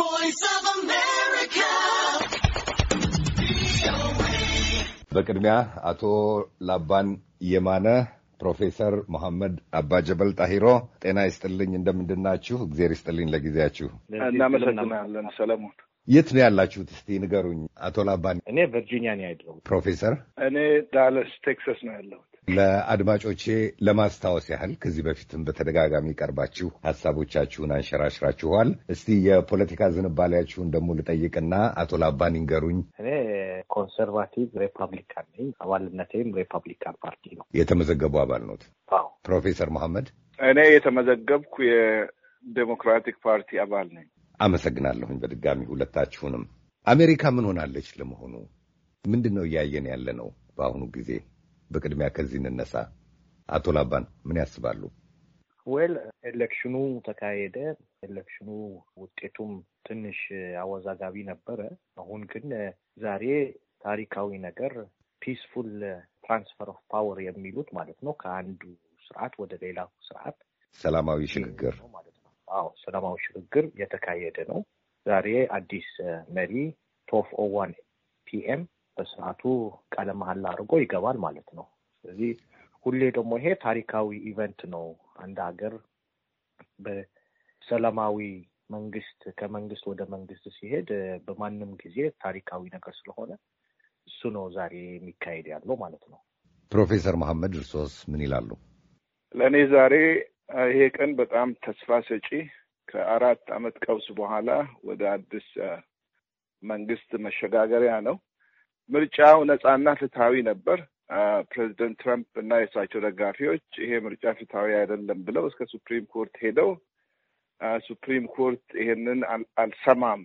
voice of America. በቅድሚያ አቶ ላባን የማነ ፕሮፌሰር መሐመድ አባጀበል ጣሂሮ ጤና ይስጥልኝ። እንደምንድናችሁ? እግዜር ይስጥልኝ ለጊዜያችሁ። እናመሰግናለን ሰለሞን። የት ነው ያላችሁት? እስቲ ንገሩኝ አቶ ላባን። እኔ ቨርጂኒያ ነው ያለው። ፕሮፌሰር እኔ ዳለስ ቴክሳስ ነው ያለው። ለአድማጮቼ ለማስታወስ ያህል ከዚህ በፊትም በተደጋጋሚ ቀርባችሁ ሀሳቦቻችሁን አንሸራሽራችኋል። እስቲ የፖለቲካ ዝንባሌያችሁን ደግሞ ልጠይቅና አቶ ላባን ይንገሩኝ። እኔ ኮንሰርቫቲቭ ሪፐብሊካን ነኝ። አባልነቴም ሪፐብሊካን ፓርቲ ነው። የተመዘገቡ አባል ኖት? ፕሮፌሰር መሐመድ እኔ የተመዘገብኩ የዴሞክራቲክ ፓርቲ አባል ነኝ። አመሰግናለሁኝ በድጋሚ ሁለታችሁንም። አሜሪካ ምን ሆናለች ለመሆኑ? ምንድን ነው እያየን ያለ ነው በአሁኑ ጊዜ? በቅድሚያ ከዚህ እንነሳ። አቶ ላባን ምን ያስባሉ? ወል ኤሌክሽኑ ተካሄደ። ኤሌክሽኑ ውጤቱም ትንሽ አወዛጋቢ ነበረ። አሁን ግን ዛሬ ታሪካዊ ነገር ፒስፉል ትራንስፈር ኦፍ ፓወር የሚሉት ማለት ነው ከአንዱ ስርዓት ወደ ሌላው ስርዓት ሰላማዊ ሽግግር ማለት ነው። አዎ ሰላማዊ ሽግግር የተካሄደ ነው። ዛሬ አዲስ መሪ ቶፍ ኦዋን ፒኤም በስርዓቱ ቃለ አድርጎ ይገባል ማለት ነው። ስለዚህ ሁሌ ደግሞ ይሄ ታሪካዊ ኢቨንት ነው። አንድ ሀገር በሰላማዊ መንግስት ከመንግስት ወደ መንግስት ሲሄድ በማንም ጊዜ ታሪካዊ ነገር ስለሆነ እሱ ነው ዛሬ የሚካሄድ ያለው ማለት ነው። ፕሮፌሰር መሐመድ እርሶስ ምን ይላሉ? ለእኔ ዛሬ ይሄ ቀን በጣም ተስፋ ሰጪ ከአራት ዓመት ቀውስ በኋላ ወደ አዲስ መንግስት መሸጋገሪያ ነው። ምርጫው ነፃና ፍትሐዊ ነበር። ፕሬዚደንት ትራምፕ እና የእሳቸው ደጋፊዎች ይሄ ምርጫ ፍትሐዊ አይደለም ብለው እስከ ሱፕሪም ኮርት ሄደው ሱፕሪም ኮርት ይሄንን አልሰማም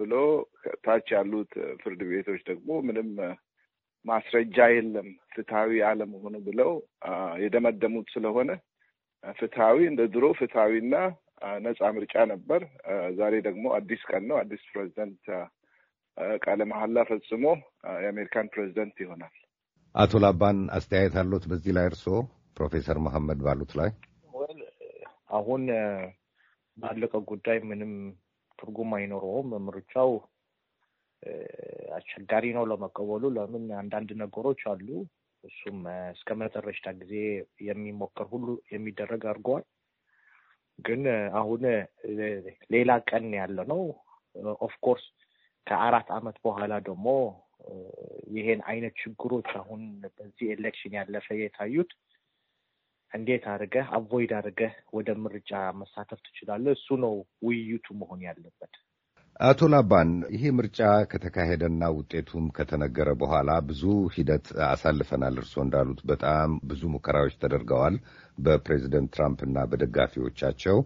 ብሎ ታች ያሉት ፍርድ ቤቶች ደግሞ ምንም ማስረጃ የለም ፍትሐዊ አለመሆኑ ብለው የደመደሙት ስለሆነ ፍትሐዊ እንደ ድሮ ፍትሐዊና ነፃ ምርጫ ነበር። ዛሬ ደግሞ አዲስ ቀን ነው። አዲስ ፕሬዚደንት ቃለ መሐላ ፈጽሞ የአሜሪካን ፕሬዚደንት ይሆናል። አቶ ላባን አስተያየት አሉት በዚህ ላይ እርስዎ ፕሮፌሰር መሐመድ ባሉት ላይ? አሁን ባለቀ ጉዳይ ምንም ትርጉም አይኖረውም። ምርጫው አስቸጋሪ ነው ለመቀበሉ። ለምን አንዳንድ ነገሮች አሉ። እሱም እስከ መጨረሻ ጊዜ የሚሞከር ሁሉ የሚደረግ አድርገዋል። ግን አሁን ሌላ ቀን ያለ ነው። ኦፍኮርስ ከአራት ዓመት በኋላ ደግሞ ይሄን አይነት ችግሮች አሁን በዚህ ኤሌክሽን ያለፈ የታዩት እንዴት አድርገህ አቮይድ አድርገህ ወደ ምርጫ መሳተፍ ትችላለህ? እሱ ነው ውይይቱ መሆን ያለበት። አቶ ላባን ይሄ ምርጫ ከተካሄደና ውጤቱም ከተነገረ በኋላ ብዙ ሂደት አሳልፈናል። እርስዎ እንዳሉት በጣም ብዙ ሙከራዎች ተደርገዋል በፕሬዚደንት ትራምፕ እና በደጋፊዎቻቸው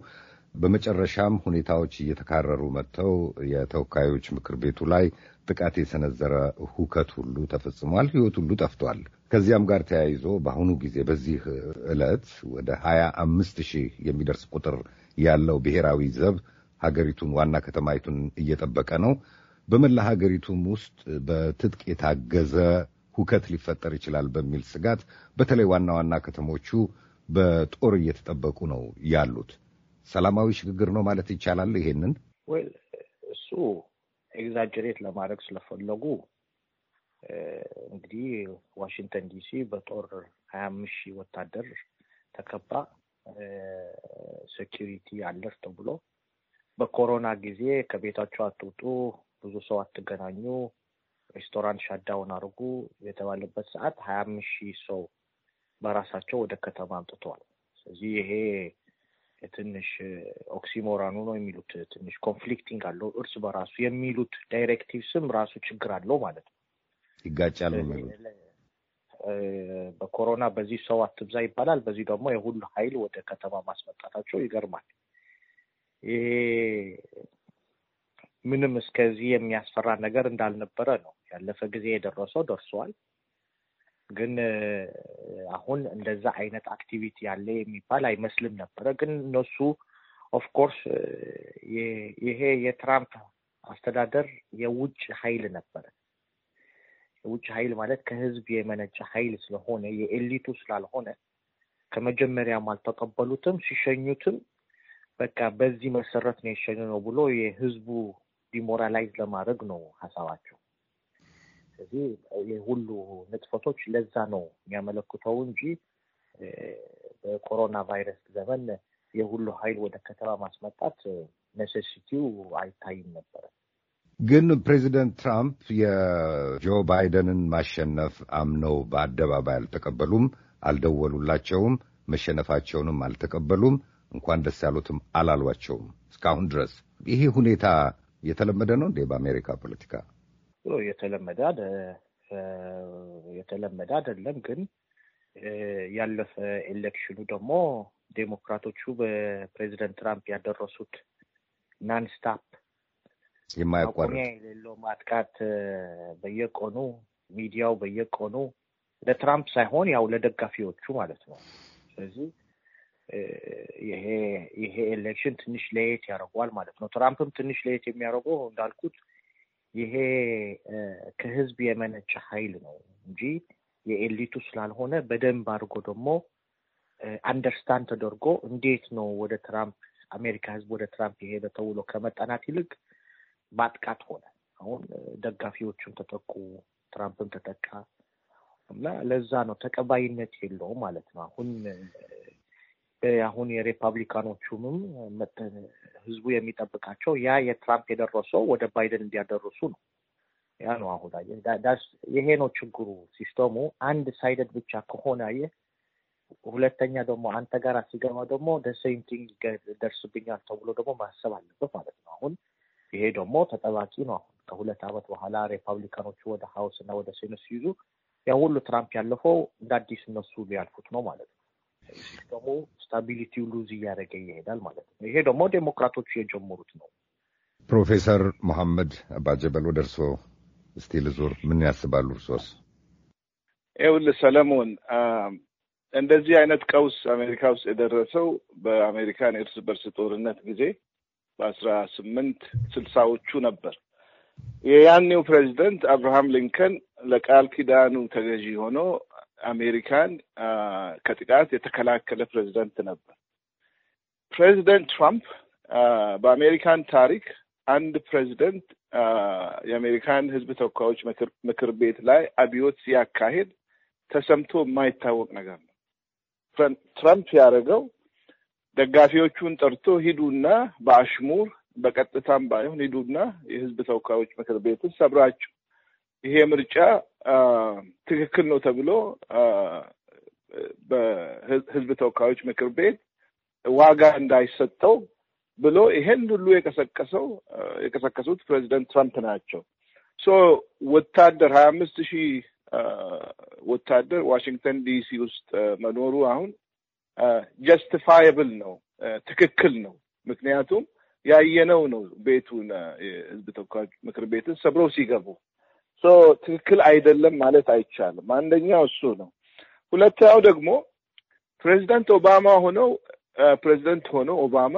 በመጨረሻም ሁኔታዎች እየተካረሩ መጥተው የተወካዮች ምክር ቤቱ ላይ ጥቃት የሰነዘረ ሁከት ሁሉ ተፈጽሟል። ሕይወት ሁሉ ጠፍቷል። ከዚያም ጋር ተያይዞ በአሁኑ ጊዜ በዚህ ዕለት ወደ ሀያ አምስት ሺህ የሚደርስ ቁጥር ያለው ብሔራዊ ዘብ ሀገሪቱን ዋና ከተማይቱን እየጠበቀ ነው። በመላ ሀገሪቱም ውስጥ በትጥቅ የታገዘ ሁከት ሊፈጠር ይችላል በሚል ስጋት በተለይ ዋና ዋና ከተሞቹ በጦር እየተጠበቁ ነው ያሉት። ሰላማዊ ሽግግር ነው ማለት ይቻላል። ይሄንን ወይ እሱ ኤግዛጀሬት ለማድረግ ስለፈለጉ እንግዲህ ዋሽንግተን ዲሲ በጦር ሀያ አምስት ሺህ ወታደር ተከባ ሴኪሪቲ አለር ተብሎ በኮሮና ጊዜ ከቤታቸው አትውጡ፣ ብዙ ሰው አትገናኙ፣ ሬስቶራንት ሻዳውን አድርጉ የተባለበት ሰዓት ሀያ አምስት ሺህ ሰው በራሳቸው ወደ ከተማ አምጥተዋል። ስለዚህ ይሄ ትንሽ ኦክሲሞራኑ ነው የሚሉት ትንሽ ኮንፍሊክቲንግ አለው እርስ በራሱ የሚሉት ዳይሬክቲቭ ስም ራሱ ችግር አለው ማለት ነው። ይጋጫል በኮሮና በዚህ ሰው አትብዛ ይባላል፣ በዚህ ደግሞ የሁሉ ኃይል ወደ ከተማ ማስመጣታቸው ይገርማል። ይሄ ምንም እስከዚህ የሚያስፈራ ነገር እንዳልነበረ ነው። ያለፈ ጊዜ የደረሰው ደርሰዋል። ግን አሁን እንደዛ አይነት አክቲቪቲ ያለ የሚባል አይመስልም ነበረ። ግን እነሱ ኦፍኮርስ ይሄ የትራምፕ አስተዳደር የውጭ ኃይል ነበረ። የውጭ ኃይል ማለት ከህዝብ የመነጨ ኃይል ስለሆነ የኤሊቱ ስላልሆነ ከመጀመሪያም አልተቀበሉትም። ሲሸኙትም በቃ በዚህ መሰረት ነው የሸኙ ነው ብሎ የህዝቡ ዲሞራላይዝ ለማድረግ ነው ሀሳባቸው። ስለዚህ የሁሉ ንጥፈቶች ለዛ ነው የሚያመለክተው እንጂ በኮሮና ቫይረስ ዘመን የሁሉ ኃይል ወደ ከተማ ማስመጣት ኔሴሲቲው አይታይም ነበረ። ግን ፕሬዚደንት ትራምፕ የጆ ባይደንን ማሸነፍ አምነው በአደባባይ አልተቀበሉም፣ አልደወሉላቸውም፣ መሸነፋቸውንም አልተቀበሉም፣ እንኳን ደስ ያሉትም አላሏቸውም እስካሁን ድረስ። ይሄ ሁኔታ የተለመደ ነው እንዴ በአሜሪካ ፖለቲካ? የተለመደ የተለመደ አይደለም። ግን ያለፈ ኤሌክሽኑ ደግሞ ዴሞክራቶቹ በፕሬዚደንት ትራምፕ ያደረሱት ናንስታፕ ማቆሚያ የሌለው ማጥቃት በየቀኑ ሚዲያው በየቀኑ ለትራምፕ ሳይሆን ያው ለደጋፊዎቹ ማለት ነው። ስለዚህ ይሄ ኤሌክሽን ትንሽ ለየት ያደርገዋል ማለት ነው። ትራምፕም ትንሽ ለየት የሚያደርገው እንዳልኩት ይሄ ከህዝብ የመነጨ ኃይል ነው እንጂ የኤሊቱ ስላልሆነ በደንብ አድርጎ ደግሞ አንደርስታንድ ተደርጎ እንዴት ነው ወደ ትራምፕ አሜሪካ ህዝብ ወደ ትራምፕ የሄደ ተውሎ ከመጠናት ይልቅ ማጥቃት ሆነ። አሁን ደጋፊዎቹም ተጠቁ፣ ትራምፕም ተጠቃ እና ለዛ ነው ተቀባይነት የለውም ማለት ነው አሁን አሁን የሪፐብሊካኖቹንም ህዝቡ የሚጠብቃቸው ያ የትራምፕ የደረሰው ወደ ባይደን እንዲያደርሱ ነው። ያ ነው አሁን አየህ፣ ይሄ ነው ችግሩ። ሲስተሙ አንድ ሳይደድ ብቻ ከሆነ አየህ፣ ሁለተኛ ደግሞ አንተ ጋር ሲገባ ደግሞ ደሴም ቲንግ ደርስብኛል ተብሎ ደግሞ ማሰብ አለበት ማለት ነው። አሁን ይሄ ደግሞ ተጠባቂ ነው። አሁን ከሁለት ዓመት በኋላ ሪፐብሊካኖቹ ወደ ሀውስ እና ወደ ሴኔት ሲይዙ ያ ሁሉ ትራምፕ ያለፈው እንደ አዲስ እነሱ ሊያልፉት ነው ማለት ነው። ደግሞ ስታቢሊቲው ሉዝ እያደረገ ይሄዳል ማለት ነው። ይሄ ደግሞ ዴሞክራቶቹ የጀመሩት ነው። ፕሮፌሰር መሐመድ አባጀበል ወደ እርስዎ እስቲ ልዙር። ምን ያስባሉ እርሶስ? ይኸውልህ ሰለሞን፣ እንደዚህ አይነት ቀውስ አሜሪካ ውስጥ የደረሰው በአሜሪካን እርስ በርስ ጦርነት ጊዜ በአስራ ስምንት ስልሳዎቹ ነበር። የያኔው ፕሬዚደንት አብርሃም ሊንከን ለቃል ኪዳኑ ተገዢ ሆኖ አሜሪካን ከጥቃት የተከላከለ ፕሬዚደንት ነበር። ፕሬዚደንት ትራምፕ በአሜሪካን ታሪክ አንድ ፕሬዚደንት የአሜሪካን ሕዝብ ተወካዮች ምክር ቤት ላይ አብዮት ሲያካሄድ ተሰምቶ የማይታወቅ ነገር ነው። ትራምፕ ያደረገው ደጋፊዎቹን ጠርቶ ሂዱና በአሽሙር በቀጥታም ባይሆን ሂዱና የሕዝብ ተወካዮች ምክር ቤትን ሰብራችሁ ይሄ ምርጫ ትክክል ነው ተብሎ በህዝብ ተወካዮች ምክር ቤት ዋጋ እንዳይሰጠው ብሎ ይሄን ሁሉ የቀሰቀሰው የቀሰቀሱት ፕሬዚደንት ትራምፕ ናቸው። ሶ ወታደር ሀያ አምስት ሺህ ወታደር ዋሽንግተን ዲሲ ውስጥ መኖሩ አሁን ጀስቲፋየብል ነው፣ ትክክል ነው። ምክንያቱም ያየነው ነው። ቤቱን የህዝብ ተወካዮች ምክር ቤትን ሰብረው ሲገቡ ትክክል አይደለም ማለት አይቻልም። አንደኛው እሱ ነው። ሁለተኛው ደግሞ ፕሬዚደንት ኦባማ ሆነው ፕሬዚደንት ሆነው ኦባማ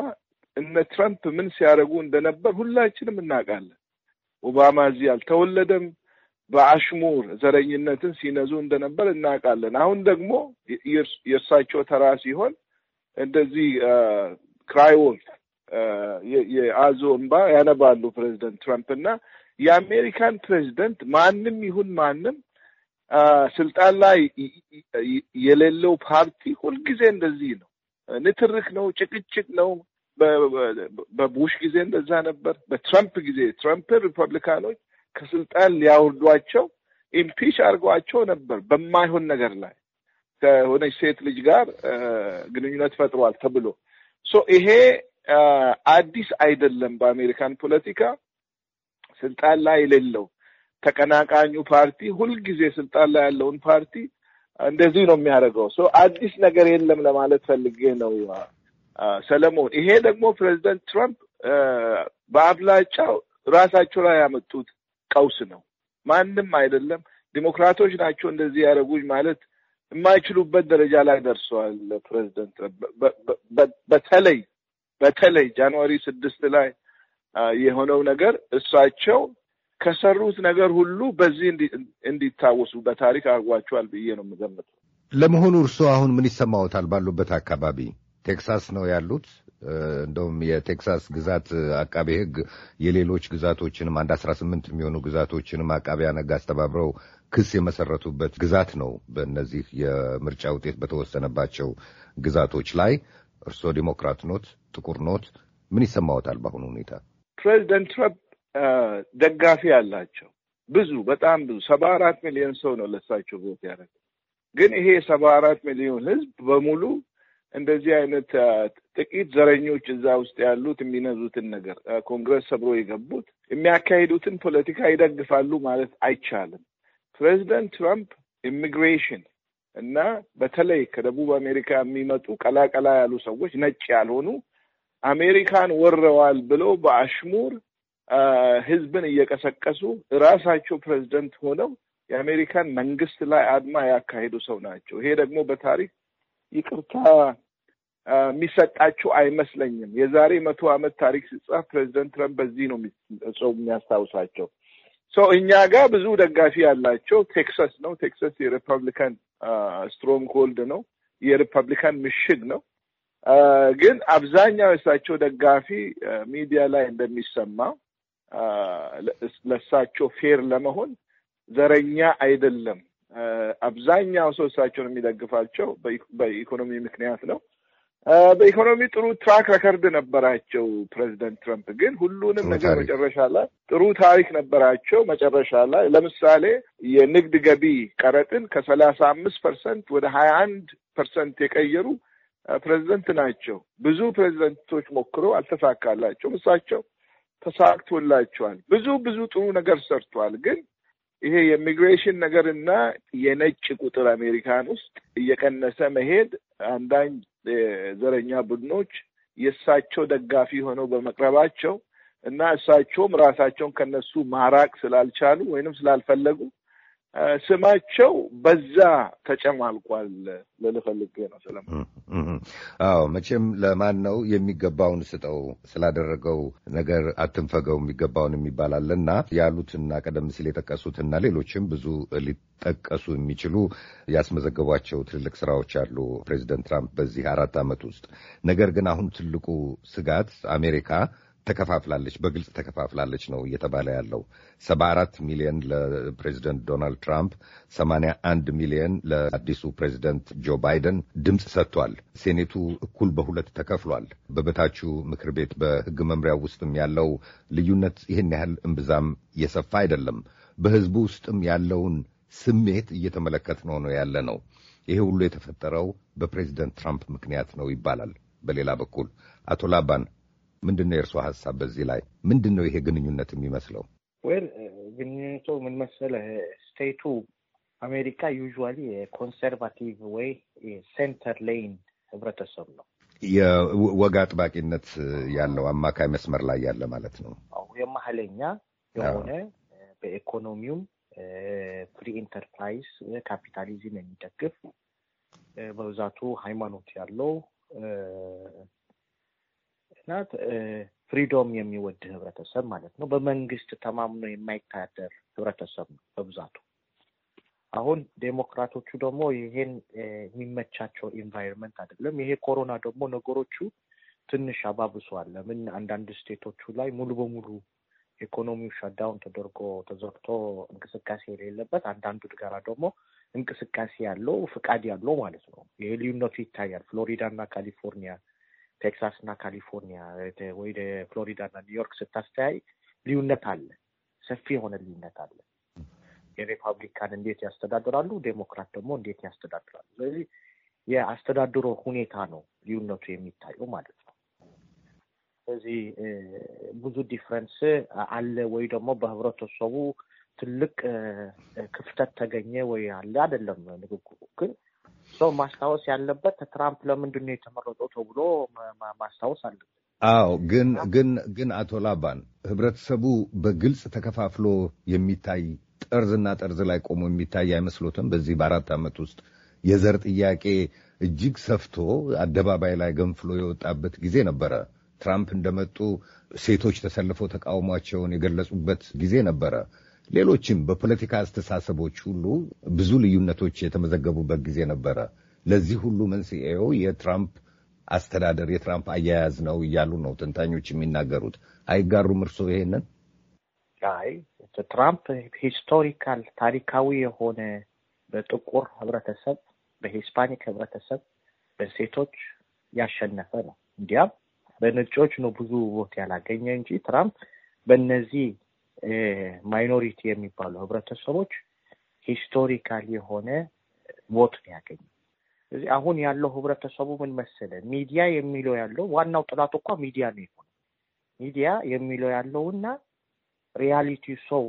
እነ ትራምፕ ምን ሲያደርጉ እንደነበር ሁላችንም እናውቃለን። ኦባማ እዚህ አልተወለደም። በአሽሙር ዘረኝነትን ሲነዙ እንደነበር እናውቃለን። አሁን ደግሞ የእርሳቸው ተራ ሲሆን እንደዚህ ክራይ ወልፍ የአዞ እንባ ያነባሉ ፕሬዚደንት ትራምፕ እና የአሜሪካን ፕሬዚደንት ማንም ይሁን ማንም ስልጣን ላይ የሌለው ፓርቲ ሁልጊዜ እንደዚህ ነው። ንትርክ ነው፣ ጭቅጭቅ ነው። በቡሽ ጊዜ እንደዛ ነበር። በትራምፕ ጊዜ ትራምፕ ሪፐብሊካኖች ከስልጣን ሊያወርዷቸው ኢምፒች አድርጓቸው ነበር በማይሆን ነገር ላይ ከሆነች ሴት ልጅ ጋር ግንኙነት ፈጥሯል ተብሎ ይሄ አዲስ አይደለም በአሜሪካን ፖለቲካ ስልጣን ላይ የሌለው ተቀናቃኙ ፓርቲ ሁልጊዜ ስልጣን ላይ ያለውን ፓርቲ እንደዚህ ነው የሚያደርገው። ሰው አዲስ ነገር የለም ለማለት ፈልጌ ነው ሰለሞን። ይሄ ደግሞ ፕሬዚደንት ትራምፕ በአብላጫው ራሳቸው ላይ ያመጡት ቀውስ ነው። ማንም አይደለም ዲሞክራቶች ናቸው እንደዚህ ያደረጉኝ ማለት የማይችሉበት ደረጃ ላይ ደርሰዋል። ፕሬዚደንት በተለይ በተለይ ጃንዋሪ ስድስት ላይ የሆነው ነገር እሳቸው ከሰሩት ነገር ሁሉ በዚህ እንዲታወሱ በታሪክ አድርጓቸዋል ብዬ ነው የምገምተው። ለመሆኑ እርስዎ አሁን ምን ይሰማዎታል? ባሉበት አካባቢ ቴክሳስ ነው ያሉት። እንደውም የቴክሳስ ግዛት አቃቤ ሕግ የሌሎች ግዛቶችንም አንድ አስራ ስምንት የሚሆኑ ግዛቶችንም አቃቢያን ሕግ አስተባብረው ክስ የመሰረቱበት ግዛት ነው። በእነዚህ የምርጫ ውጤት በተወሰነባቸው ግዛቶች ላይ እርስዎ ዲሞክራት ኖት፣ ጥቁር ኖት፣ ምን ይሰማዎታል በአሁኑ ሁኔታ? ፕሬዚደንት ትረምፕ ደጋፊ ያላቸው ብዙ በጣም ብዙ ሰባ አራት ሚሊዮን ሰው ነው ለሳቸው ቦት ያደረገ። ግን ይሄ ሰባ አራት ሚሊዮን ህዝብ በሙሉ እንደዚህ አይነት ጥቂት ዘረኞች እዛ ውስጥ ያሉት የሚነዙትን ነገር ኮንግረስ ሰብሮ የገቡት የሚያካሂዱትን ፖለቲካ ይደግፋሉ ማለት አይቻልም። ፕሬዚደንት ትራምፕ ኢሚግሬሽን እና በተለይ ከደቡብ አሜሪካ የሚመጡ ቀላቀላ ያሉ ሰዎች ነጭ ያልሆኑ አሜሪካን ወረዋል ብለው በአሽሙር ህዝብን እየቀሰቀሱ ራሳቸው ፕሬዚደንት ሆነው የአሜሪካን መንግስት ላይ አድማ ያካሄዱ ሰው ናቸው። ይሄ ደግሞ በታሪክ ይቅርታ የሚሰጣቸው አይመስለኝም። የዛሬ መቶ ዓመት ታሪክ ሲጻፍ ፕሬዚደንት ትረምፕ በዚህ ነው ሰው የሚያስታውሳቸው። ሰው እኛ ጋር ብዙ ደጋፊ ያላቸው ቴክሳስ ነው። ቴክሳስ የሪፐብሊካን ስትሮንግ ሆልድ ነው። የሪፐብሊካን ምሽግ ነው። ግን አብዛኛው የእሳቸው ደጋፊ ሚዲያ ላይ እንደሚሰማው ለእሳቸው ፌር ለመሆን ዘረኛ አይደለም። አብዛኛው ሰው እሳቸውን የሚደግፋቸው በኢኮኖሚ ምክንያት ነው። በኢኮኖሚ ጥሩ ትራክ ረከርድ ነበራቸው ፕሬዚደንት ትረምፕ ግን ሁሉንም ነገር መጨረሻ ላይ ጥሩ ታሪክ ነበራቸው። መጨረሻ ላይ ለምሳሌ የንግድ ገቢ ቀረጥን ከሰላሳ አምስት ፐርሰንት ወደ ሀያ አንድ ፐርሰንት የቀየሩ ፕሬዚደንት ናቸው። ብዙ ፕሬዚደንቶች ሞክረው አልተሳካላቸውም። እሳቸው ተሳክቶላቸዋል። ብዙ ብዙ ጥሩ ነገር ሰርቷል። ግን ይሄ የኢሚግሬሽን ነገር እና የነጭ ቁጥር አሜሪካን ውስጥ እየቀነሰ መሄድ አንዳንድ ዘረኛ ቡድኖች የእሳቸው ደጋፊ ሆነው በመቅረባቸው እና እሳቸውም ራሳቸውን ከነሱ ማራቅ ስላልቻሉ ወይንም ስላልፈለጉ ስማቸው በዛ ተጨማልቋል ልልፈልግ ነው። ሰለሞን አዎ፣ መቼም ለማን ነው የሚገባውን ስጠው ስላደረገው ነገር አትንፈገው የሚገባውን የሚባላልና ያሉትና ቀደም ሲል የጠቀሱትና ሌሎችም ብዙ ሊጠቀሱ የሚችሉ ያስመዘገቧቸው ትልልቅ ስራዎች አሉ ፕሬዚደንት ትራምፕ በዚህ አራት ዓመት ውስጥ። ነገር ግን አሁን ትልቁ ስጋት አሜሪካ ተከፋፍላለች፣ በግልጽ ተከፋፍላለች ነው እየተባለ ያለው ሰባ አራት ሚሊዮን ለፕሬዚደንት ዶናልድ ትራምፕ፣ ሰማንያ አንድ ሚሊዮን ለአዲሱ ፕሬዚደንት ጆ ባይደን ድምፅ ሰጥቷል። ሴኔቱ እኩል በሁለት ተከፍሏል። በበታቹ ምክር ቤት በህግ መምሪያው ውስጥም ያለው ልዩነት ይህን ያህል እምብዛም እየሰፋ አይደለም። በህዝቡ ውስጥም ያለውን ስሜት እየተመለከት ነው ነው ያለ ነው። ይሄ ሁሉ የተፈጠረው በፕሬዚደንት ትራምፕ ምክንያት ነው ይባላል። በሌላ በኩል አቶ ላባን ምንድን ነው የእርስዎ ሀሳብ በዚህ ላይ? ምንድን ነው ይሄ ግንኙነት የሚመስለው? ወይል ግንኙነቱ ምን መሰለህ፣ ስቴቱ አሜሪካ ዩዥዋሊ የኮንሰርቫቲቭ ወይ ሴንተር ሌይን ህብረተሰብ ነው። የወግ አጥባቂነት ያለው አማካይ መስመር ላይ ያለ ማለት ነው። የመሀለኛ የሆነ በኢኮኖሚውም ፍሪ ኢንተርፕራይዝ ካፒታሊዝም የሚደግፍ በብዛቱ ሃይማኖት ያለው ምክንያት ፍሪዶም የሚወድ ህብረተሰብ ማለት ነው። በመንግስት ተማምኖ የማይታደር ህብረተሰብ ነው በብዛቱ። አሁን ዴሞክራቶቹ ደግሞ ይሄን የሚመቻቸው ኢንቫይሮንመንት አይደለም። ይሄ ኮሮና ደግሞ ነገሮቹ ትንሽ አባብሷል። ለምን አንዳንድ ስቴቶቹ ላይ ሙሉ በሙሉ ኢኮኖሚው ሸዳውን ተደርጎ ተዘግቶ እንቅስቃሴ የሌለበት፣ አንዳንዱ ጋራ ደግሞ እንቅስቃሴ ያለው ፍቃድ ያለው ማለት ነው። ይሄ ልዩነቱ ይታያል። ፍሎሪዳ እና ካሊፎርኒያ ቴክሳስ እና ካሊፎርኒያ ወይ ፍሎሪዳ እና ኒውዮርክ ስታስተያይ ልዩነት አለ፣ ሰፊ የሆነ ልዩነት አለ። የሪፐብሊካን እንዴት ያስተዳድራሉ፣ ዴሞክራት ደግሞ እንዴት ያስተዳድራሉ። ስለዚህ የአስተዳድሮ ሁኔታ ነው ልዩነቱ የሚታየው ማለት ነው። ስለዚህ ብዙ ዲፍረንስ አለ ወይ ደግሞ በህብረተሰቡ ትልቅ ክፍተት ተገኘ ወይ አለ አይደለም። ንግግሩ ግን ሰው ማስታወስ ያለበት ትራምፕ ለምንድን ነው የተመረጠው ተብሎ ማስታወስ አለበት። አዎ ግን ግን ግን አቶ ላባን ህብረተሰቡ በግልጽ ተከፋፍሎ የሚታይ ጠርዝና ጠርዝ ላይ ቆሞ የሚታይ አይመስሎትም? በዚህ በአራት ዓመት ውስጥ የዘር ጥያቄ እጅግ ሰፍቶ አደባባይ ላይ ገንፍሎ የወጣበት ጊዜ ነበረ። ትራምፕ እንደመጡ ሴቶች ተሰልፈው ተቃውሟቸውን የገለጹበት ጊዜ ነበረ። ሌሎችም በፖለቲካ አስተሳሰቦች ሁሉ ብዙ ልዩነቶች የተመዘገቡበት ጊዜ ነበረ። ለዚህ ሁሉ መንስኤው የትራምፕ አስተዳደር የትራምፕ አያያዝ ነው እያሉ ነው ተንታኞች የሚናገሩት። አይጋሩም እርስዎ ይሄንን? አይ ትራምፕ ሂስቶሪካል ታሪካዊ የሆነ በጥቁር ህብረተሰብ፣ በሂስፓኒክ ህብረተሰብ፣ በሴቶች ያሸነፈ ነው። እንዲያም በነጮች ነው ብዙ ቦት ያላገኘ እንጂ ትራምፕ በእነዚህ ማይኖሪቲ የሚባሉ ህብረተሰቦች ሂስቶሪካል የሆነ ሞት ነው ያገኙ። ስለዚህ አሁን ያለው ህብረተሰቡ ምን መሰለ ሚዲያ የሚለው ያለው ዋናው ጥላት እኳ ሚዲያ ነው የሆነ ሚዲያ የሚለው እና ሪያሊቲ ሰው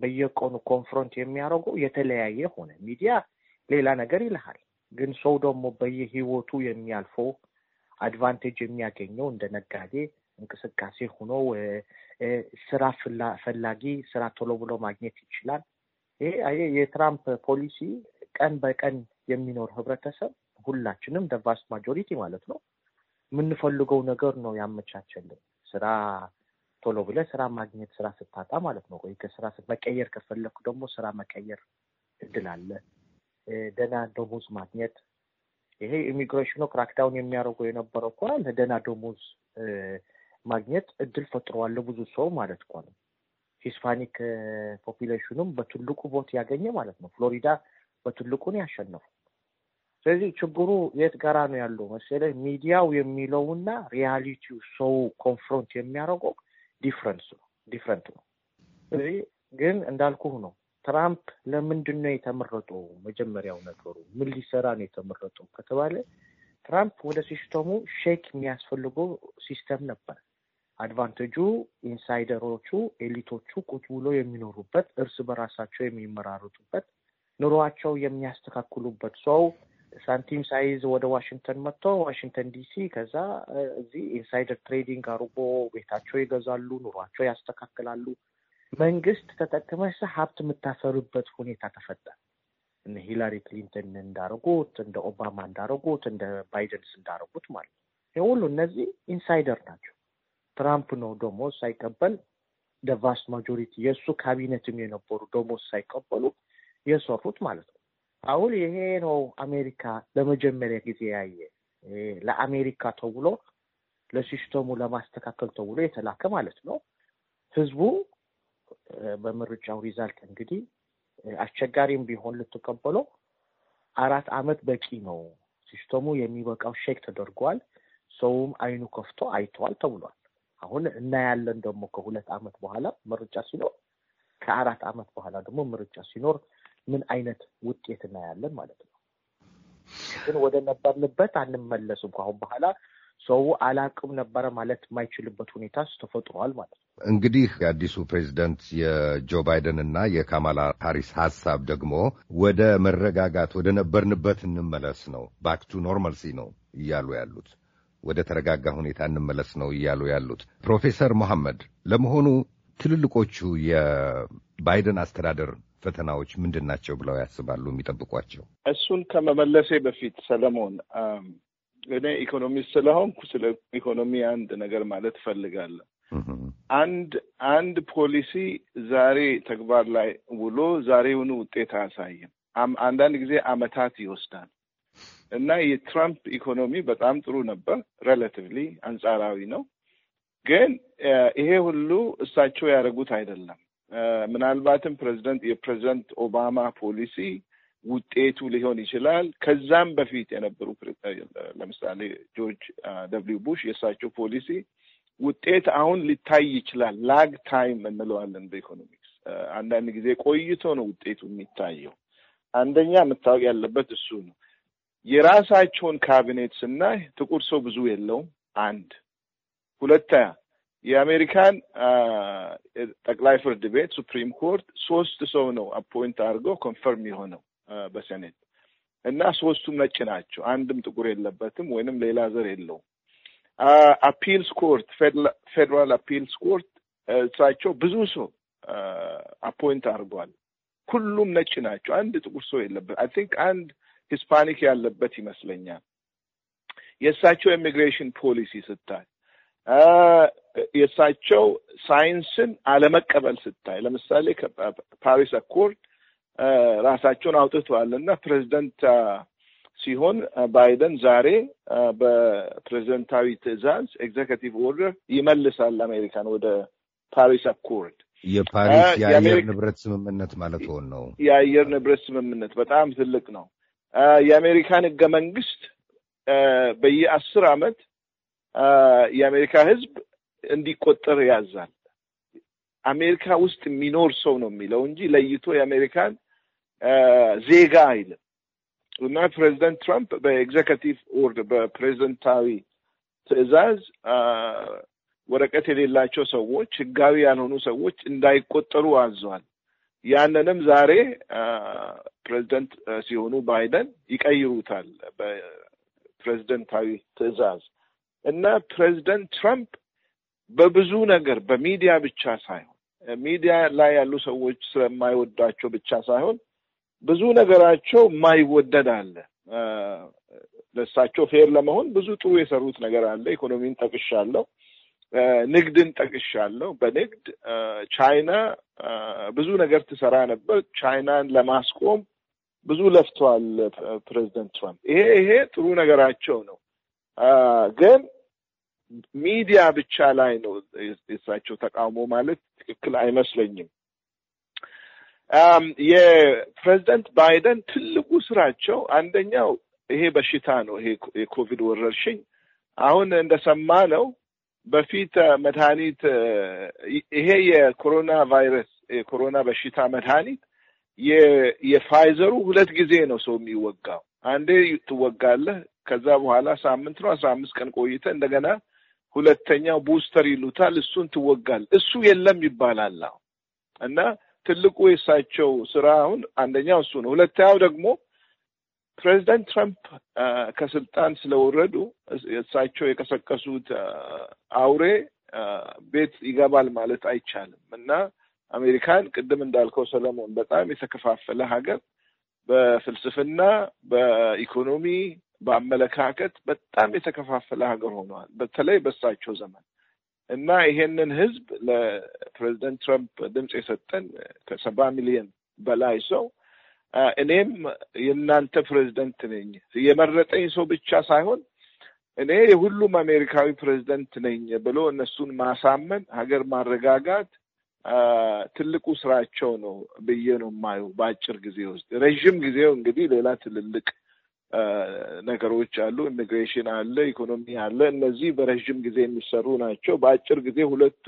በየቀኑ ኮንፍሮንት የሚያደርገው የተለያየ ሆነ። ሚዲያ ሌላ ነገር ይልሃል፣ ግን ሰው ደግሞ በየህይወቱ የሚያልፈው አድቫንቴጅ የሚያገኘው እንደ ነጋዴ እንቅስቃሴ ሆኖ ስራ ፈላጊ ስራ ቶሎ ብሎ ማግኘት ይችላል። ይሄ የትራምፕ ፖሊሲ ቀን በቀን የሚኖር ህብረተሰብ ሁላችንም ደቫስት ማጆሪቲ ማለት ነው የምንፈልገው ነገር ነው ያመቻቸልን። ስራ ቶሎ ብለ ስራ ማግኘት ስራ ስታጣ ማለት ነው። ወይ ከስራ መቀየር ከፈለግኩ ደግሞ ስራ መቀየር እድል አለ። ደህና ደሞዝ ማግኘት ይሄ ኢሚግሬሽኑ ክራክዳውን የሚያደርጉ የነበረው እኮ ለደህና ደሞዝ ማግኘት እድል ፈጥሯል ብዙ ሰው ማለት እኮ ነው። ሂስፓኒክ ፖፒሌሽኑም በትልቁ ቦት ያገኘ ማለት ነው። ፍሎሪዳ በትልቁን ያሸነፉ። ስለዚህ ችግሩ የት ጋራ ነው ያለው መሰለህ? ሚዲያው የሚለውና ሪያሊቲው ሰው ኮንፍሮንት የሚያደርገው ዲፍረንስ ነው ዲፍረንት ነው። ስለዚህ ግን እንዳልኩህ ነው። ትራምፕ ለምንድን ነው የተመረጡ? መጀመሪያው ነገሩ ምን ሊሰራ ነው የተመረጠው ከተባለ ትራምፕ ወደ ሲስተሙ ሼክ የሚያስፈልገው ሲስተም ነበር። አድቫንቴጁ ኢንሳይደሮቹ ኤሊቶቹ ቁጭ ብሎ የሚኖሩበት እርስ በራሳቸው የሚመራሩጡበት ኑሯቸው የሚያስተካክሉበት ሰው ሳንቲም ሳይዝ ወደ ዋሽንግተን መጥቶ ዋሽንግተን ዲሲ ከዛ እዚህ ኢንሳይደር ትሬዲንግ አርጎ ቤታቸው ይገዛሉ፣ ኑሯቸው ያስተካክላሉ። መንግስት ተጠቅመህ ሀብት የምታፈርበት ሁኔታ ተፈጠረ። እነ ሂላሪ ክሊንተን እንዳረጉት፣ እንደ ኦባማ እንዳረጉት፣ እንደ ባይደንስ እንዳረጉት ማለት ነው። ይህ ሁሉ እነዚህ ኢንሳይደር ናቸው። ትራምፕ ነው ደሞዝ ሳይቀበል ደቫስት ማጆሪቲ የእሱ ካቢኔትም የነበሩ ደሞዝ ሳይቀበሉ የሰሩት ማለት ነው። አሁን ይሄ ነው አሜሪካ ለመጀመሪያ ጊዜ ያየ ለአሜሪካ ተውሎ ለሲስተሙ ለማስተካከል ተውሎ የተላከ ማለት ነው። ህዝቡ በምርጫው ሪዛልት እንግዲህ አስቸጋሪም ቢሆን ልትቀበለው አራት አመት በቂ ነው ሲስተሙ የሚበቃው ሼክ ተደርጓል። ሰውም አይኑ ከፍቶ አይተዋል ተብሏል። አሁን እናያለን ደግሞ ከሁለት ዓመት በኋላ ምርጫ ሲኖር ከአራት ዓመት በኋላ ደግሞ ምርጫ ሲኖር ምን አይነት ውጤት እናያለን ማለት ነው። ግን ወደ ነበርንበት አንመለስም። ከአሁን በኋላ ሰው አላቅም ነበረ ማለት የማይችልበት ሁኔታ ተፈጥሯል ማለት ነው። እንግዲህ የአዲሱ ፕሬዚደንት የጆ ባይደን እና የካማላ ሃሪስ ሀሳብ ደግሞ ወደ መረጋጋት ወደ ነበርንበት እንመለስ ነው፣ ባክ ቱ ኖርማልሲ ነው እያሉ ያሉት ወደ ተረጋጋ ሁኔታ እንመለስ ነው እያሉ ያሉት ፕሮፌሰር መሐመድ። ለመሆኑ ትልልቆቹ የባይደን አስተዳደር ፈተናዎች ምንድን ናቸው ብለው ያስባሉ የሚጠብቋቸው? እሱን ከመመለሴ በፊት ሰለሞን፣ እኔ ኢኮኖሚስት ስለሆንኩ ስለ ኢኮኖሚ አንድ ነገር ማለት እፈልጋለሁ። አንድ አንድ ፖሊሲ ዛሬ ተግባር ላይ ውሎ ዛሬውኑ ውጤት አያሳይም። አንዳንድ ጊዜ አመታት ይወስዳል። እና የትራምፕ ኢኮኖሚ በጣም ጥሩ ነበር። ሬላቲቭሊ አንጻራዊ ነው። ግን ይሄ ሁሉ እሳቸው ያደረጉት አይደለም። ምናልባትም ፕሬዚደንት የፕሬዚደንት ኦባማ ፖሊሲ ውጤቱ ሊሆን ይችላል። ከዛም በፊት የነበሩ ለምሳሌ ጆርጅ ደብሊው ቡሽ የእሳቸው ፖሊሲ ውጤት አሁን ሊታይ ይችላል። ላግ ታይም እንለዋለን በኢኮኖሚክስ። አንዳንድ ጊዜ ቆይቶ ነው ውጤቱ የሚታየው። አንደኛ መታወቅ ያለበት እሱ ነው። የራሳቸውን ካቢኔት ስናይ ጥቁር ሰው ብዙ የለውም። አንድ ሁለተኛ የአሜሪካን ጠቅላይ ፍርድ ቤት ሱፕሪም ኮርት ሶስት ሰው ነው አፖይንት አድርገው ኮንፈርም የሆነው በሴኔት እና ሶስቱም ነጭ ናቸው። አንድም ጥቁር የለበትም ወይንም ሌላ ዘር የለውም። አፒልስ ኮርት ፌዴራል አፒልስ ኮርት እሳቸው ብዙ ሰው አፖይንት አድርገዋል። ሁሉም ነጭ ናቸው። አንድ ጥቁር ሰው የለበት። አይ ቲንክ አንድ ሂስፓኒክ ያለበት ይመስለኛል። የእሳቸው ኢሚግሬሽን ፖሊሲ ስታይ፣ የእሳቸው ሳይንስን አለመቀበል ስታይ፣ ለምሳሌ ፓሪስ አኮርድ ራሳቸውን አውጥተዋል እና ፕሬዚደንት ሲሆን ባይደን ዛሬ በፕሬዚደንታዊ ትዕዛዝ ኤግዜኪቲቭ ኦርደር ይመልሳል አሜሪካን ወደ ፓሪስ አኮርድ የፓሪስ የአየር ንብረት ስምምነት ማለት ሆን ነው። የአየር ንብረት ስምምነት በጣም ትልቅ ነው። የአሜሪካን ህገ መንግስት በየአስር አመት የአሜሪካ ህዝብ እንዲቆጠር ያዛል። አሜሪካ ውስጥ የሚኖር ሰው ነው የሚለው እንጂ ለይቶ የአሜሪካን ዜጋ አይልም። እና ፕሬዚደንት ትራምፕ በኤግዜክቲቭ ኦርደር በፕሬዚደንታዊ ትዕዛዝ ወረቀት የሌላቸው ሰዎች፣ ህጋዊ ያልሆኑ ሰዎች እንዳይቆጠሩ አዘዋል። ያንንም ዛሬ ፕሬዚደንት ሲሆኑ ባይደን ይቀይሩታል በፕሬዚደንታዊ ትዕዛዝ እና ፕሬዚደንት ትራምፕ በብዙ ነገር በሚዲያ ብቻ ሳይሆን ሚዲያ ላይ ያሉ ሰዎች ስለማይወዳቸው ብቻ ሳይሆን ብዙ ነገራቸው ማይወደድ አለ። ለእሳቸው ፌር ለመሆን ብዙ ጥሩ የሰሩት ነገር አለ። ኢኮኖሚን ጠቅሻለሁ። ንግድን ጠቅሻለሁ። በንግድ ቻይና ብዙ ነገር ትሰራ ነበር። ቻይናን ለማስቆም ብዙ ለፍተዋል ፕሬዚደንት ትራምፕ። ይሄ ይሄ ጥሩ ነገራቸው ነው። ግን ሚዲያ ብቻ ላይ ነው የእሳቸው ተቃውሞ ማለት ትክክል አይመስለኝም። የፕሬዚደንት ባይደን ትልቁ ስራቸው አንደኛው ይሄ በሽታ ነው። ይሄ የኮቪድ ወረርሽኝ አሁን እንደሰማ ነው በፊት መድኃኒት ይሄ የኮሮና ቫይረስ የኮሮና በሽታ መድኃኒት የፋይዘሩ ሁለት ጊዜ ነው ሰው የሚወጋው። አንዴ ትወጋለህ፣ ከዛ በኋላ ሳምንት ነው አስራ አምስት ቀን ቆይተ እንደገና ሁለተኛው ቡስተር ይሉታል፣ እሱን ትወጋል። እሱ የለም ይባላል እና ትልቁ የእሳቸው ስራ አሁን አንደኛው እሱ ነው። ሁለተኛው ደግሞ ፕሬዚዳንት ትራምፕ ከስልጣን ስለወረዱ እሳቸው የቀሰቀሱት አውሬ ቤት ይገባል ማለት አይቻልም እና አሜሪካን ቅድም እንዳልከው ሰለሞን በጣም የተከፋፈለ ሀገር በፍልስፍና፣ በኢኮኖሚ፣ በአመለካከት በጣም የተከፋፈለ ሀገር ሆነዋል። በተለይ በእሳቸው ዘመን እና ይሄንን ህዝብ ለፕሬዚደንት ትራምፕ ድምፅ የሰጠን ከሰባ ሚሊዮን በላይ ሰው እኔም የእናንተ ፕሬዝደንት ነኝ የመረጠኝ ሰው ብቻ ሳይሆን እኔ የሁሉም አሜሪካዊ ፕሬዝደንት ነኝ ብሎ እነሱን ማሳመን ሀገር ማረጋጋት ትልቁ ስራቸው ነው ብዬ ነው የማየው። በአጭር ጊዜ ውስጥ ረዥም ጊዜው እንግዲህ ሌላ ትልልቅ ነገሮች አሉ። ኢሚግሬሽን አለ፣ ኢኮኖሚ አለ። እነዚህ በረዥም ጊዜ የሚሰሩ ናቸው። በአጭር ጊዜ ሁለቱ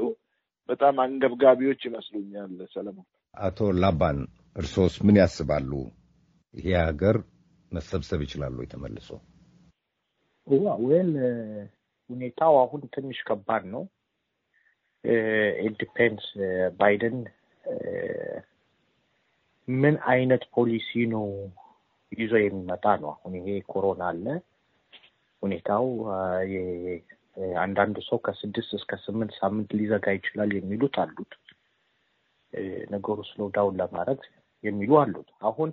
በጣም አንገብጋቢዎች ይመስሉኛል። ሰለሞን፣ አቶ ላባን እርሶስ ምን ያስባሉ? ይሄ ሀገር መሰብሰብ ይችላሉ? የተመልሶ ወል ሁኔታው አሁን ትንሽ ከባድ ነው። ኢንዲፔንስ ባይደን ምን አይነት ፖሊሲ ነው ይዞ የሚመጣ ነው። አሁን ይሄ ኮሮና አለ ሁኔታው አንዳንድ ሰው ከስድስት እስከ ስምንት ሳምንት ሊዘጋ ይችላል የሚሉት አሉት። ነገሩ ስሎ ዳውን ለማድረግ የሚሉ አሉት። አሁን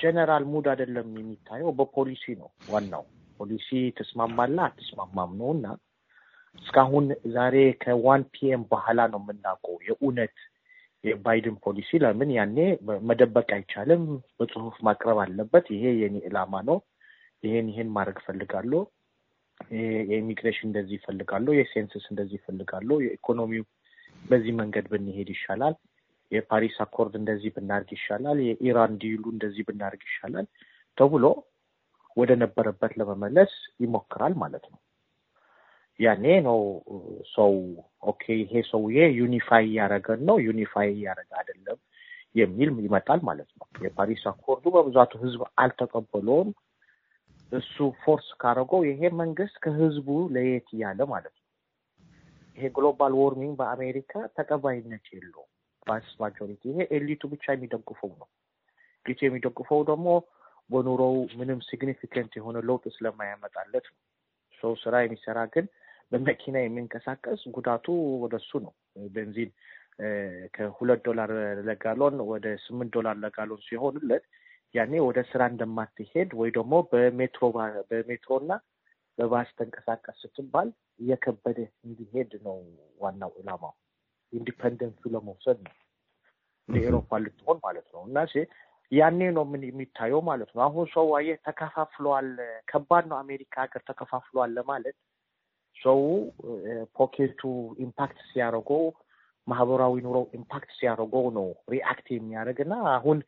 ጀነራል ሙድ አይደለም የሚታየው፣ በፖሊሲ ነው ዋናው። ፖሊሲ ትስማማላ አትስማማም ነው እና እስካሁን ዛሬ ከዋን ፒኤም በኋላ ነው የምናውቀው የእውነት የባይድን ፖሊሲ። ለምን ያኔ መደበቅ አይቻልም፣ በጽሁፍ ማቅረብ አለበት። ይሄ የኔ ዕላማ ነው፣ ይሄን ይሄን ማድረግ ፈልጋለሁ የኢሚግሬሽን እንደዚህ ይፈልጋሉ፣ የሴንስስ እንደዚህ ይፈልጋሉ፣ የኢኮኖሚው በዚህ መንገድ ብንሄድ ይሻላል፣ የፓሪስ አኮርድ እንደዚህ ብናርግ ይሻላል፣ የኢራን ዲሉ እንደዚህ ብናርግ ይሻላል ተብሎ ወደ ነበረበት ለመመለስ ይሞክራል ማለት ነው። ያኔ ነው ሰው ኦኬ፣ ይሄ ሰውዬ ዩኒፋይ እያደረገን ነው፣ ዩኒፋይ እያደረገ አይደለም የሚል ይመጣል ማለት ነው። የፓሪስ አኮርዱ በብዛቱ ህዝብ አልተቀበለውም። እሱ ፎርስ ካደረገው ይሄ መንግስት ከህዝቡ ለየት እያለ ማለት ነው። ይሄ ግሎባል ዎርሚንግ በአሜሪካ ተቀባይነት የለውም። ባስ ማጆሪቲ ይሄ ኤሊቱ ብቻ የሚደግፈው ነው። ኤሊቱ የሚደግፈው ደግሞ በኑሮው ምንም ሲግኒፊካንት የሆነ ለውጥ ስለማያመጣለት ነው። ሰው ስራ የሚሰራ ግን በመኪና የሚንቀሳቀስ ጉዳቱ ወደሱ ነው። ቤንዚን ከሁለት ዶላር ለጋሎን ወደ ስምንት ዶላር ለጋሎን ሲሆንለት ያኔ ወደ ስራ እንደማትሄድ ወይ ደግሞ በሜትሮ በሜትሮና በባስ ተንቀሳቀስ ስትባል እየከበደ እንዲሄድ ነው ዋናው ዕላማው ኢንዲፐንደንሱ ለመውሰድ ነው። ለኤሮፓ ልትሆን ማለት ነው። እና ያኔ ነው ምን የሚታየው ማለት ነው። አሁን ሰው አየህ ተከፋፍለዋል። ከባድ ነው አሜሪካ ሀገር ተከፋፍለዋል ለማለት ሰው ፖኬቱ ኢምፓክት ሲያደርገው ማህበራዊ ኑሮ ኢምፓክት ሲያደርገው ነው ሪአክት የሚያደርግ እና አሁን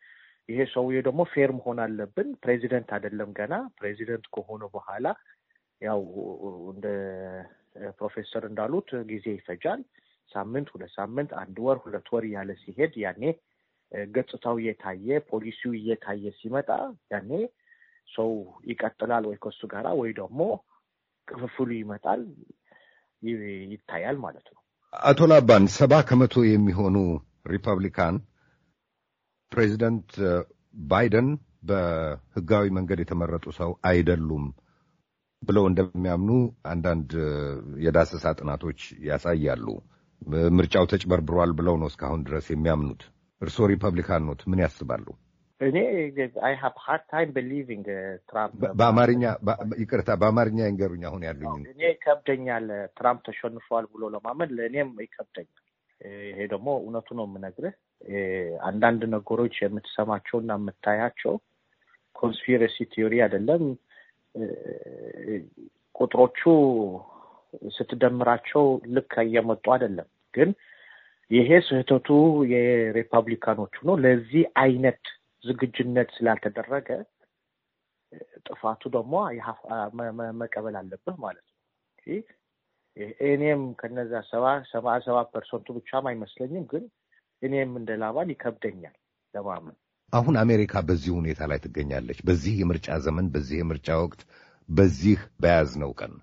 ይሄ ሰውዬ ደግሞ ፌር መሆን አለብን። ፕሬዚደንት አይደለም ገና። ፕሬዚደንት ከሆነ በኋላ ያው እንደ ፕሮፌሰር እንዳሉት ጊዜ ይፈጃል። ሳምንት፣ ሁለት ሳምንት፣ አንድ ወር፣ ሁለት ወር እያለ ሲሄድ ያኔ ገጽታው እየታየ ፖሊሲው እየታየ ሲመጣ ያኔ ሰው ይቀጥላል ወይ ከሱ ጋራ ወይ ደግሞ ክፍፍሉ ይመጣል ይታያል ማለት ነው። አቶ ላባን ሰባ ከመቶ የሚሆኑ ሪፐብሊካን ፕሬዚደንት ባይደን በህጋዊ መንገድ የተመረጡ ሰው አይደሉም ብለው እንደሚያምኑ አንዳንድ የዳሰሳ ጥናቶች ያሳያሉ። ምርጫው ተጭበርብሯል ብለው ነው እስካሁን ድረስ የሚያምኑት። እርስዎ ሪፐብሊካን ኖት፣ ምን ያስባሉ? በአማርኛ ይቅርታ፣ በአማርኛ ይንገሩኝ። አሁን ያሉኝ እኔ ይከብደኛል። ትራምፕ ተሸንፏል ብሎ ለማመን ለእኔም ይከብደኛል። ይሄ ደግሞ እውነቱ ነው የምነግርህ። አንዳንድ ነገሮች የምትሰማቸው እና የምታያቸው ኮንስፒሬሲ ቲዮሪ አይደለም። ቁጥሮቹ ስትደምራቸው ልክ እየመጡ አይደለም። ግን ይሄ ስህተቱ የሪፐብሊካኖቹ ነው። ለዚህ አይነት ዝግጅነት ስላልተደረገ ጥፋቱ ደግሞ መቀበል አለብህ ማለት ነው። እኔም ከነዛ ሰባ ሰባ ሰባ ፐርሰንቱ ብቻም አይመስለኝም፣ ግን እኔም እንደ ላባል ይከብደኛል ለማመን። አሁን አሜሪካ በዚህ ሁኔታ ላይ ትገኛለች። በዚህ የምርጫ ዘመን፣ በዚህ የምርጫ ወቅት፣ በዚህ በያዝነው ቀን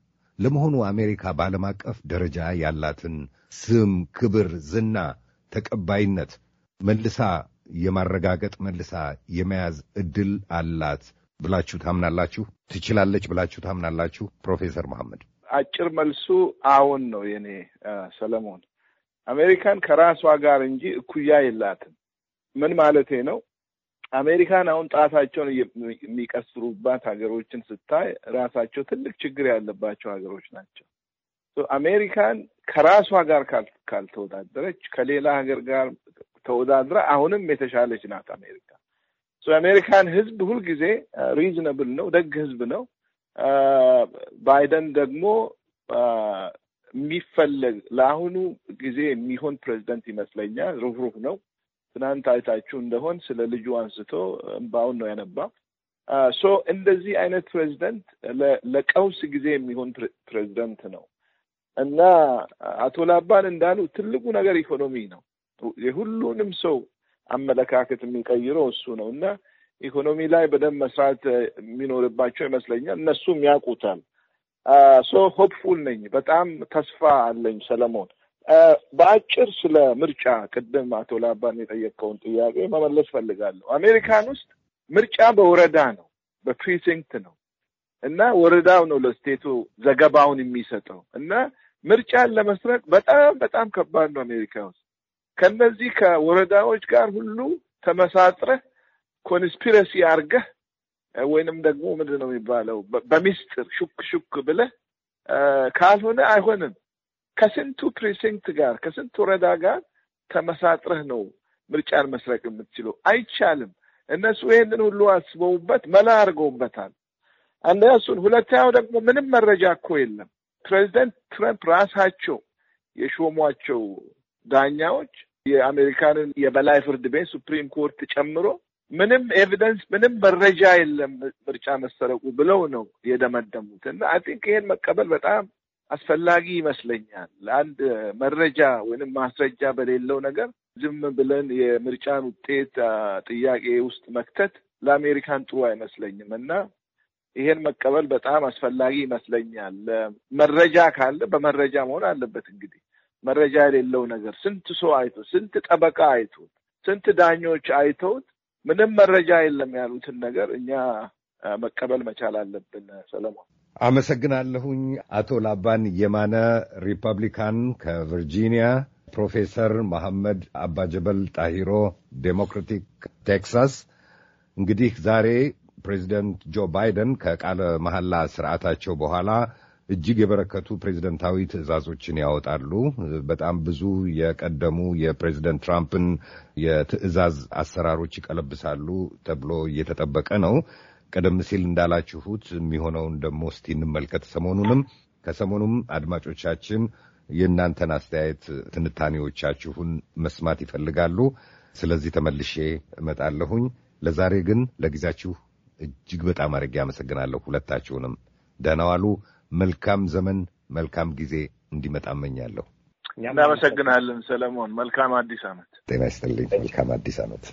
ለመሆኑ አሜሪካ በዓለም አቀፍ ደረጃ ያላትን ስም፣ ክብር፣ ዝና፣ ተቀባይነት መልሳ የማረጋገጥ መልሳ የመያዝ እድል አላት ብላችሁ ታምናላችሁ? ትችላለች ብላችሁ ታምናላችሁ? ፕሮፌሰር መሐመድ አጭር መልሱ አዎን ነው የኔ ሰለሞን። አሜሪካን ከራሷ ጋር እንጂ እኩያ የላትም። ምን ማለቴ ነው? አሜሪካን አሁን ጣታቸውን የሚቀስሩባት ሀገሮችን ስታይ ራሳቸው ትልቅ ችግር ያለባቸው ሀገሮች ናቸው። አሜሪካን ከራሷ ጋር ካልተወዳደረች ከሌላ ሀገር ጋር ተወዳድራ አሁንም የተሻለች ናት አሜሪካ። የአሜሪካን ህዝብ ሁልጊዜ ሪዝነብል ነው፣ ደግ ህዝብ ነው። ባይደን ደግሞ የሚፈለግ ለአሁኑ ጊዜ የሚሆን ፕሬዚደንት ይመስለኛል። ሩህሩህ ነው። ትናንት አይታችሁ እንደሆን ስለ ልጁ አንስቶ እምባውን ነው ያነባው። ሶ እንደዚህ አይነት ፕሬዚደንት ለቀውስ ጊዜ የሚሆን ፕሬዚደንት ነው እና አቶ ላባን እንዳሉ ትልቁ ነገር ኢኮኖሚ ነው። የሁሉንም ሰው አመለካከት የሚቀይረው እሱ ነው እና ኢኮኖሚ ላይ በደንብ መስራት የሚኖርባቸው ይመስለኛል። እነሱም ያውቁታል። ሶ ሆፕፉል ነኝ፣ በጣም ተስፋ አለኝ። ሰለሞን፣ በአጭር ስለ ምርጫ ቅድም አቶ ላባን የጠየቀውን ጥያቄ መመለስ ፈልጋለሁ። አሜሪካን ውስጥ ምርጫ በወረዳ ነው፣ በፕሪሲንክት ነው እና ወረዳው ነው ለስቴቱ ዘገባውን የሚሰጠው እና ምርጫን ለመስረቅ በጣም በጣም ከባድ ነው አሜሪካ ውስጥ ከነዚህ ከወረዳዎች ጋር ሁሉ ተመሳጥረህ ኮንስፒረሲ አርገህ ወይንም ደግሞ ምንድን ነው የሚባለው በሚስጥር ሹክ ሹክ ብለህ ካልሆነ አይሆንም። ከስንቱ ፕሪሲንክት ጋር ከስንቱ ወረዳ ጋር ተመሳጥረህ ነው ምርጫን መስረቅ የምትችለው። አይቻልም። እነሱ ይህንን ሁሉ አስበውበት መላ አድርገውበታል። አንደኛ እሱን፣ ሁለተኛው ደግሞ ምንም መረጃ እኮ የለም። ፕሬዚደንት ትረምፕ ራሳቸው የሾሟቸው ዳኛዎች የአሜሪካንን የበላይ ፍርድ ቤት ሱፕሪም ኮርት ጨምሮ ምንም ኤቪደንስ ምንም መረጃ የለም ምርጫ መሰረቁ ብለው ነው የደመደሙት። እና አይ ቲንክ ይሄን መቀበል በጣም አስፈላጊ ይመስለኛል። ለአንድ መረጃ ወይም ማስረጃ በሌለው ነገር ዝም ብለን የምርጫን ውጤት ጥያቄ ውስጥ መክተት ለአሜሪካን ጥሩ አይመስለኝም እና ይሄን መቀበል በጣም አስፈላጊ ይመስለኛል። መረጃ ካለ በመረጃ መሆን አለበት። እንግዲህ መረጃ የሌለው ነገር ስንት ሰው አይቶ ስንት ጠበቃ አይቶ ስንት ዳኞች አይተውት ምንም መረጃ የለም ያሉትን ነገር እኛ መቀበል መቻል አለብን። ሰለሞን አመሰግናለሁኝ። አቶ ላባን የማነ ሪፐብሊካን ከቨርጂኒያ፣ ፕሮፌሰር መሐመድ አባጀበል ጣሂሮ ዴሞክራቲክ ቴክሳስ። እንግዲህ ዛሬ ፕሬዚደንት ጆ ባይደን ከቃለ መሐላ ስርዓታቸው በኋላ እጅግ የበረከቱ ፕሬዚደንታዊ ትዕዛዞችን ያወጣሉ። በጣም ብዙ የቀደሙ የፕሬዚደንት ትራምፕን የትዕዛዝ አሰራሮች ይቀለብሳሉ ተብሎ እየተጠበቀ ነው። ቀደም ሲል እንዳላችሁት የሚሆነውን ደግሞ እስቲ እንመልከት። ሰሞኑንም ከሰሞኑም አድማጮቻችን የእናንተን አስተያየት ትንታኔዎቻችሁን መስማት ይፈልጋሉ። ስለዚህ ተመልሼ እመጣለሁኝ። ለዛሬ ግን ለጊዜያችሁ እጅግ በጣም አድርጌ አመሰግናለሁ ሁለታችሁንም። ደህና ዋሉ። መልካም ዘመን፣ መልካም ጊዜ እንዲመጣ እመኛለሁ። እናመሰግናለን ሰለሞን። መልካም አዲስ ዓመት። ጤና ይስጥልኝ። መልካም አዲስ ዓመት።